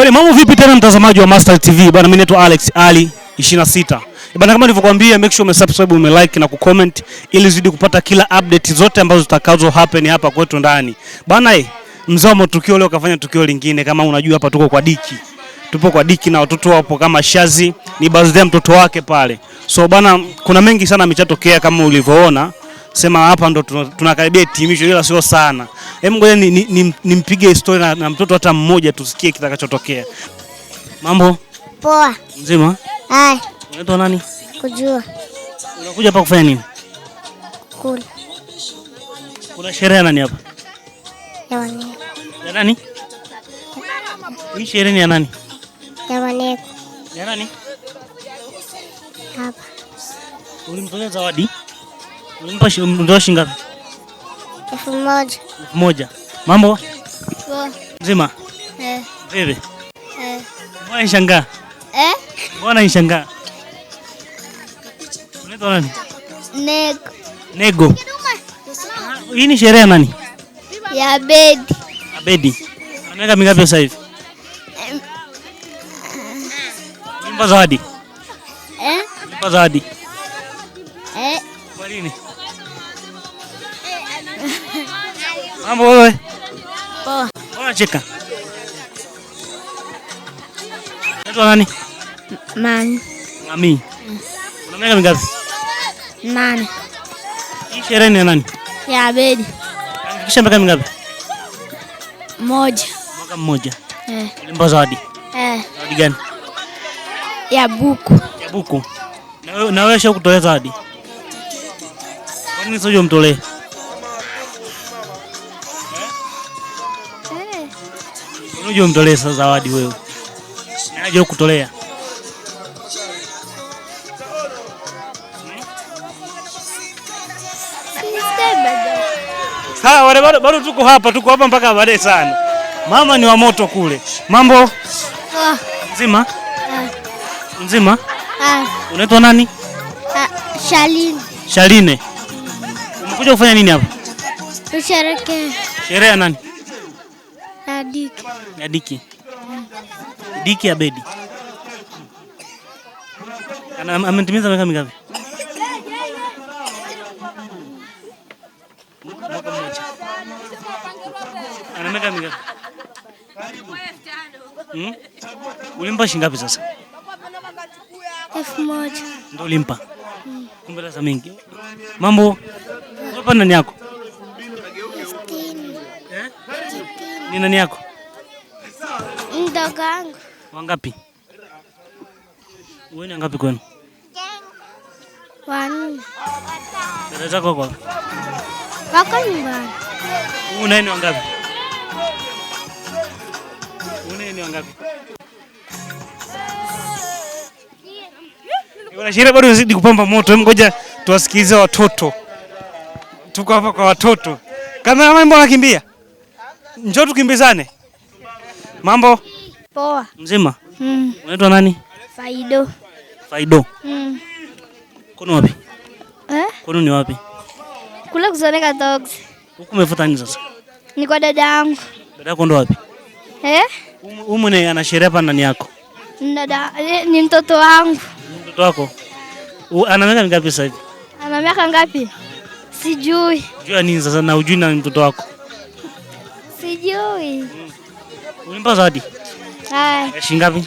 E mambo vipi tena mtazamaji wa Mastaz TV? Bwana mimi naitwa Alex Ali 26. E eh, bwana, kama nilivyokuambia make sure umesubscribe, umelike na kucomment ili zidi kupata kila update zote ambazo zitakazo happen hapa kwetu ndani. Bwana eh, wa tukio leo kafanya tukio lingine kama unajua hapa tuko kwa Diki. Tupo kwa Diki na watoto wapo kama Shazi, ni birthday mtoto wake pale. So bwana, kuna mengi sana amechatokea kama ulivyoona sema hapa ndo tunakaribia hitimisho, ila sio sana. Hebu ngoja nimpige story na na mtoto hata mmoja, tusikie kitakachotokea. Mambo poa? Mzima. Hai. Unaitwa nani? Kujua. Unakuja hapa kufanya nini? Kula. Kuna sherehe ya nani hapa? Ya wani. Ya nani? Hii sherehe ni ya nani? Ya wani. Ya nani? Hapa. Ulimtolea zawadi? Umempa ndoo shilingi ngapi? Elfu moja. Elfu moja. Mambo? Poa. Mzima? Eh. Vipi? Eh. Mbona nishangaa? Eh? Mbona nishangaa? Unaitwa nani? Nego. Nego. Hii ni sherehe nani? Ya Abedi. Abedi. Ana miaka mingapi sasa hivi? Mpa zawadi. Eh? Mpa zawadi. Eh? Kwa nini? Mambo wewe? Poa. Poa cheka. Unaitwa nani? Mami. Mami. Una miaka mingapi? Nane. Hii sherehe ni ya nani? Ya Abedi. Kisha miaka mingapi? Moja. Mwaka mmoja. Eh. Ulimpa zawadi? Eh. Zawadi gani? Ya buku. Ya buku. Na wewe na wewe zawadi? Kwa nini sio Unajua mtolee sasa zawadi wewe. Najua kutolea. Ha, wale bado bado tuko hapa, tuko hapa mpaka baadaye sana. Mama ni wa moto kule. Mambo? Ah. Nzima? Ah. Nzima? Ah. Unaitwa nani? Ah, Shaline. Shaline. Umekuja kufanya nini hapa? Tusherekee. Sherehe nani? ya diki ya diki diki ya Ametimiza miaka mingapi? Ana miaka mingapi? Hmm? Ulimpa shingapi sasa? Elfu moja. Ndio ulimpa. Hmm. Kumbe pesa mingi. Mambo. Hapa ndani yako. Ni nani yako? Mdogo wangu. Wangapi? Wewe ni ngapi kwenu? Wanne. Dada zako kwa? Wako nyumbani. Una ni wangapi? Una ni wangapi? Wanasheria bado unazidi kupamba moto. Ngoja tuwasikilize watoto. Tuko hapa kwa watoto. Kameraman, mbona kimbia? Njoo tukimbizane. Mambo poa? Mzima. Mm. Unaitwa nani? Faido. Faido. Mm. Kono wapi? Eh? Kono ni wapi? Kule kuzoneka dogs. Huko umefuata nini sasa? Ni kwa dada yangu. Dada yako ndo wapi? Eh? Umu ni ana sherehe ndani yako. Dada eh, ni mtoto wangu. Mtoto wako? Ana miaka ngapi sasa hivi? Ana miaka ngapi? Sijui. Jua nini sasa na ujui na mtoto wako? Sijui. Ulimpa zawadi? Haya. Eh, shilingi ngapi?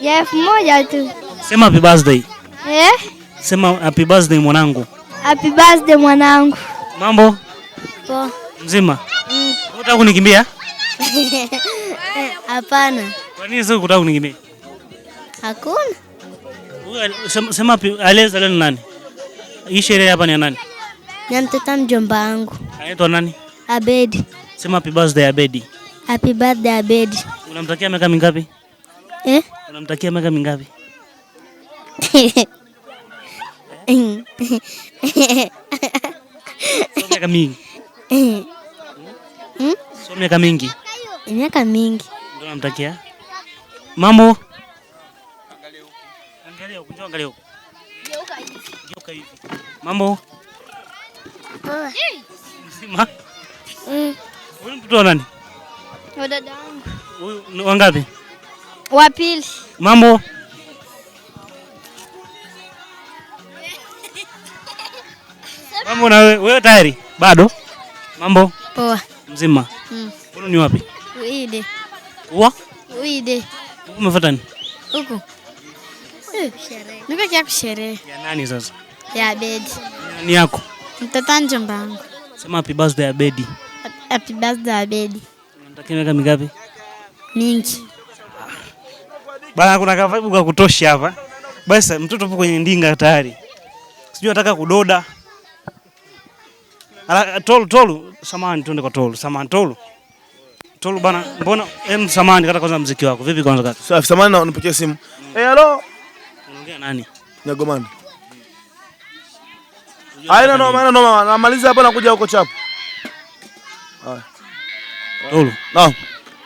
Ya elfu moja tu. Sema happy birthday. Eh? Sema happy birthday mwanangu. Happy birthday mwanangu. Mambo? Po. Mzima? Mm. Unataka kunikimbia? Hapana. Kwa nini sasa unataka kunikimbia? Hakuna. Sema, sema, aleza leo nani? Hii sherehe hapa ni nani? na mtoto mjomba wangu. Anaitwa nani? Abedi. Sema happy birthday Abedi. Happy birthday Abedi. Unamtakia miaka mingapi? Eh? Unamtakia miaka mingapi? Miaka mingi. Eh. Hmm? miaka mingi. Miaka mingi. Ndio namtakia. Mambo. Angalia huko, angalia huko. Geuka hivi. Geuka hivi. Mambo. Baba. Mzima? mtoto wa nani? Wa dada yangu. Wa pili. Mambo? Mambo na wewe, wewe tayari? Bado? Mambo? Poa. Mzima? Mm. ni wapi? Uide. Wa? Uide. Umefuata nini? Huko. Sherehe. Niko kia kusherehe. Ya nani sasa? Ya bed. Ni yako. Mtoto njomba wangu. Sema happy birthday Abedi. Happy birthday Abedi. Unatakiwa miaka mingapi? Mingi. Bana kuna kavibu ka kutosha hapa. Basi mtoto hapo kwenye ndinga tayari. Sijui nataka kudoda. Ala tolu tolu, samani tuende kwa tolu, samani tolu. Tolu bana, mbona em samani kata kwanza mziki wako. Vipi kwanza kata Safi samani na unipigie simu. Eh, hello. Unaongea nani? Nyagomani. Haina noma, haina noma. Namaliza hapa nakuja huko chapo. Tolo. Naam.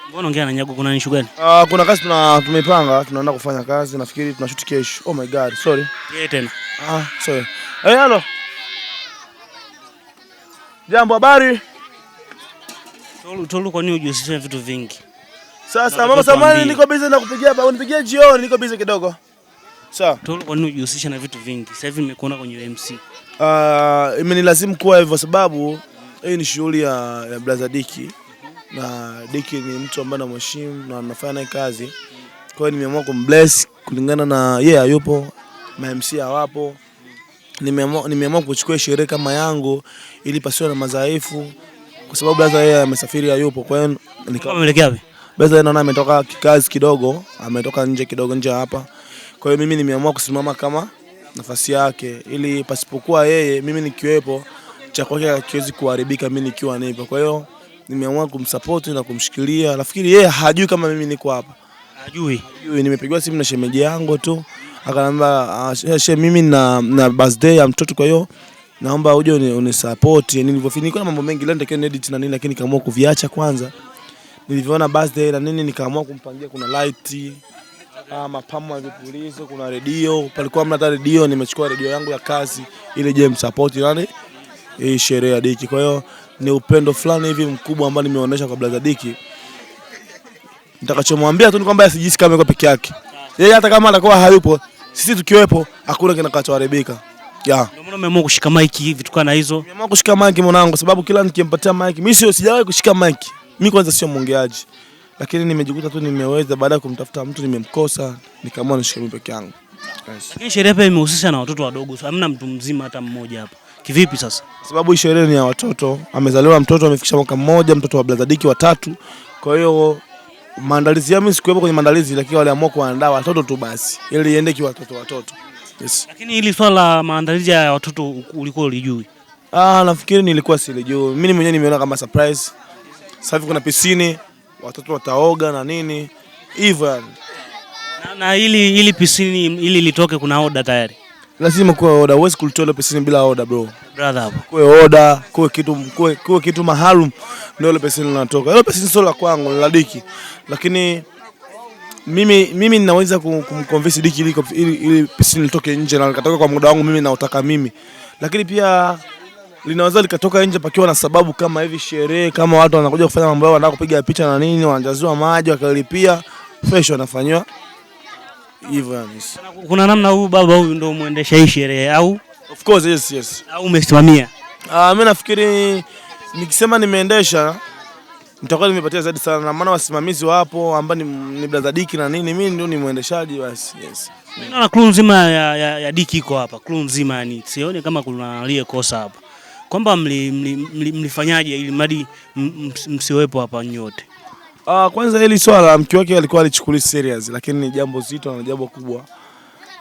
Mbona ongea na Nyago kuna issue gani? Ah, kuna kazi tuna tumepanga, tunaenda kufanya kazi, nafikiri tunashuti kesho. Oh my god, sorry. Yeye tena. Ah, sorry. Eh, hello. Jambo, habari? Tolo, Tolo, kwa nini hujihusisha vitu vingi? Sasa, mama samani, niko busy na kupigia, unipigie jioni, niko busy kidogo. Sawa. na vitu vingi? Sasa hivi nimekuona kwenye MC. Uh, ah, imenilazimu kuwa hivyo sababu hii ni shughuli ya, ya Brother Diki na Diki ni mtu ambaye namheshimu na nafanya naye kazi. Kwa hiyo nimeamua kumbless kulingana na yeye yeah, hayupo, ma MC hawapo. Nimeamua nimeamua kuchukua sherehe kama yangu ili pasiwe na madhaifu kwa sababu Brother yeye amesafiri hayupo. Kwa hiyo nikaelekea wapi? Brother naona ametoka kikazi kidogo, ametoka nje kidogo nje hapa. Kwa hiyo mimi nimeamua kusimama kama nafasi yake, ili pasipokuwa yeye mimi nikiwepo cha kwake hakiwezi kuharibika mimi nikiwa nipo. Kwa hiyo nimeamua kumsupport na kumshikilia. Nafikiri yeye hajui kama mimi niko hapa, hajui. hajui. Nimepigiwa simu na shemeji yangu tu akanambia uh, ah, she, mimi na, na birthday ya mtoto, kwa hiyo naomba uje uni, unisupport. Yaani Nilivyofika nilikuwa na mambo mengi leo nitakiwa edit na nini, lakini nikaamua kuviacha kwanza. Nilivyoona birthday na nini nikaamua kumpangia, kuna light Ah, mapambo ya vipulizo, kuna redio, palikuwa mna redio. Nimechukua redio yangu ya kazi ili je msupport nani hii sherehe ya Diki. Kwa hiyo ni upendo fulani hivi mkubwa ambao nimeonyesha kwa brother Diki. Nitakachomwambia tu ni kwamba asijisi kama yuko peke yake yeye, hata kama atakuwa hayupo, sisi tukiwepo hakuna kinachoharibika. Ya. Ndio maana umeamua kushika mic hivi tukana hizo. Nimeamua kushika mic mwanangu, sababu kila nikimpatia mic, mimi sio sijawahi kushika mic. Mimi kwanza sio mwongeaji lakini nimejikuta tu nimeweza, baada ya kumtafuta mtu nimemkosa, nikaamua nishike mimi peke yangu. Yes. Lakini sherehe pia imehusisha na watoto wadogo, so hamna mtu mzima hata mmoja hapa. Kivipi sasa? Sababu sherehe ni ya watoto, amezaliwa mtoto amefikisha mwaka mmoja, mtoto wa Blazadiki watatu. Kwa hiyo maandalizi yao, mimi sikuwepo kwenye maandalizi, lakini waliamua kuandaa watoto tu basi, ili iende kwa watoto watoto. Yes. Lakini hili swala la maandalizi ya watoto ulikuwa ulijui? Ah, nafikiri nilikuwa silijui. Mimi mwenyewe nimeona kama surprise. Sasa kuna pisini watoto wataoga na nini hivyo yani. Na, na ili, ili pisini ili litoke kuna oda tayari, lazima kuwe oda. Huwezi kulitoa pisini bila oda bro, brother hapo. kuwe oda, kuwe kitu, kuwe, kuwe kitu maalum ndio ile pisini linatoka. Ile pisini sio la kwangu, la Diki, lakini mimi mimi ninaweza kumconvince Diki ili ili pisini litoke nje na likatoka kwa muda wangu mimi utaka mimi, lakini pia linaweza likatoka nje pakiwa na sababu kama hivi, sherehe kama watu wanakuja kufanya mambo yao, wanataka kupiga picha na nini, wanajaziwa maji wakalipia, fresh wanafanywa hivyo yani. Kuna namna huyu baba huyu ndio muendesha hii sherehe au? Of course yes yes. Au umesimamia? Ah, mimi nafikiri nikisema nimeendesha nitakuwa nimepatia zaidi sana, na maana wasimamizi wapo ambao ni, ni brother Diki na nini, mimi ndio ni muendeshaji basi. Yes. Mimi Naona crew nzima ya, ya, ya Diki iko hapa, crew nzima yani, sioni kama kuna aliyekosa hapa kwamba mlifanyaje ili mradi msiwepo hapa nyote? Uh, ah, kwanza hili swala mke wake alikuwa alichukuli serious, lakini ni jambo zito na jambo kubwa.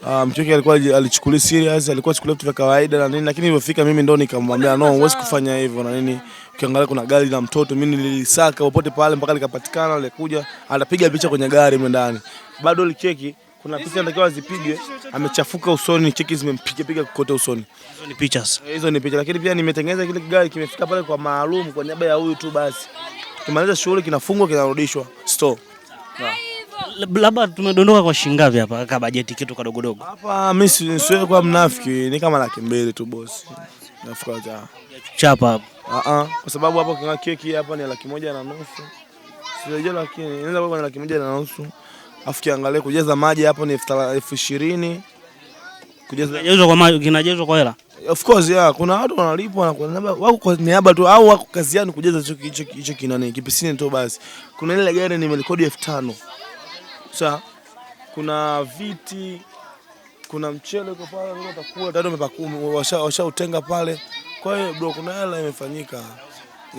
Uh, mke wake alikuwa alichukuli serious, alikuwa chukulia vitu vya kawaida na nini, lakini ilipofika mimi ndo nikamwambia no, huwezi kufanya hivyo na nini. Ukiangalia kuna gari la mtoto, mimi nilisaka popote pale mpaka likapatikana, alikuja anapiga picha kwenye gari mwe ndani, bado licheki kuna picha anatakiwa zipigwe, amechafuka usoni, cheki zimempiga piga kote usoni. Hizo ni pictures, eh, hizo ni picha. Lakini pia nimetengeneza kile gari, kimefika pale kwa maalum kwa niaba ya huyu tu. Basi kimaliza shughuli kinafungwa kinarudishwa store. Labda tumedondoka kwa shingapi hapa kwa bajeti kitu kadogo dogo hapa? Mimi siwe kwa mnafiki, ni kama laki mbili tu bosi. boss. Nafuata chapa hapa, ah, ah. kwa sababu hapa kuna keki hapa ni laki moja na nusu, sijajua, lakini inaweza kuwa ni laki moja na nusu Afu kiangalia kujaza maji hapo ni elfu ishirini kinajazwa kwa hela. Of course yeah, kuna watu wanalipwa na kuna wako kwa niaba tu au wako kazi yao kujaza hicho hicho hicho kinani kipisini tu basi. Kuna ile gari nimerekodi elfu tano sasa kuna viti, kuna mchele kwa pale, ndio utakula tayari, umepakua utenga pale. Kwa hiyo bro, kuna hela imefanyika.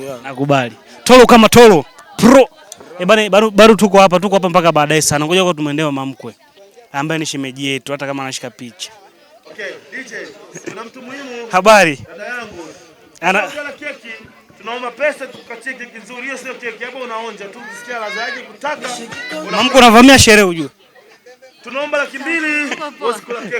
Yeah. Nakubali tolo kama tolo pro. E eh, bana, bado bado tuko hapa, tuko hapa mpaka baadaye sana. Ngoja kwa tumeendewa mamkwe ambaye ni shemeji yetu, hata kama anashika picha. Okay, DJ, kuna mtu muhimu. Habari. Dada yangu. Ana keki. Tunaomba pesa tukatie keki nzuri. Hiyo sio keki, hapo unaonja tu usikia ladha yake kutaka. Mamkwe unavamia sherehe ujue. Tunaomba laki mbili. Wasikula keki.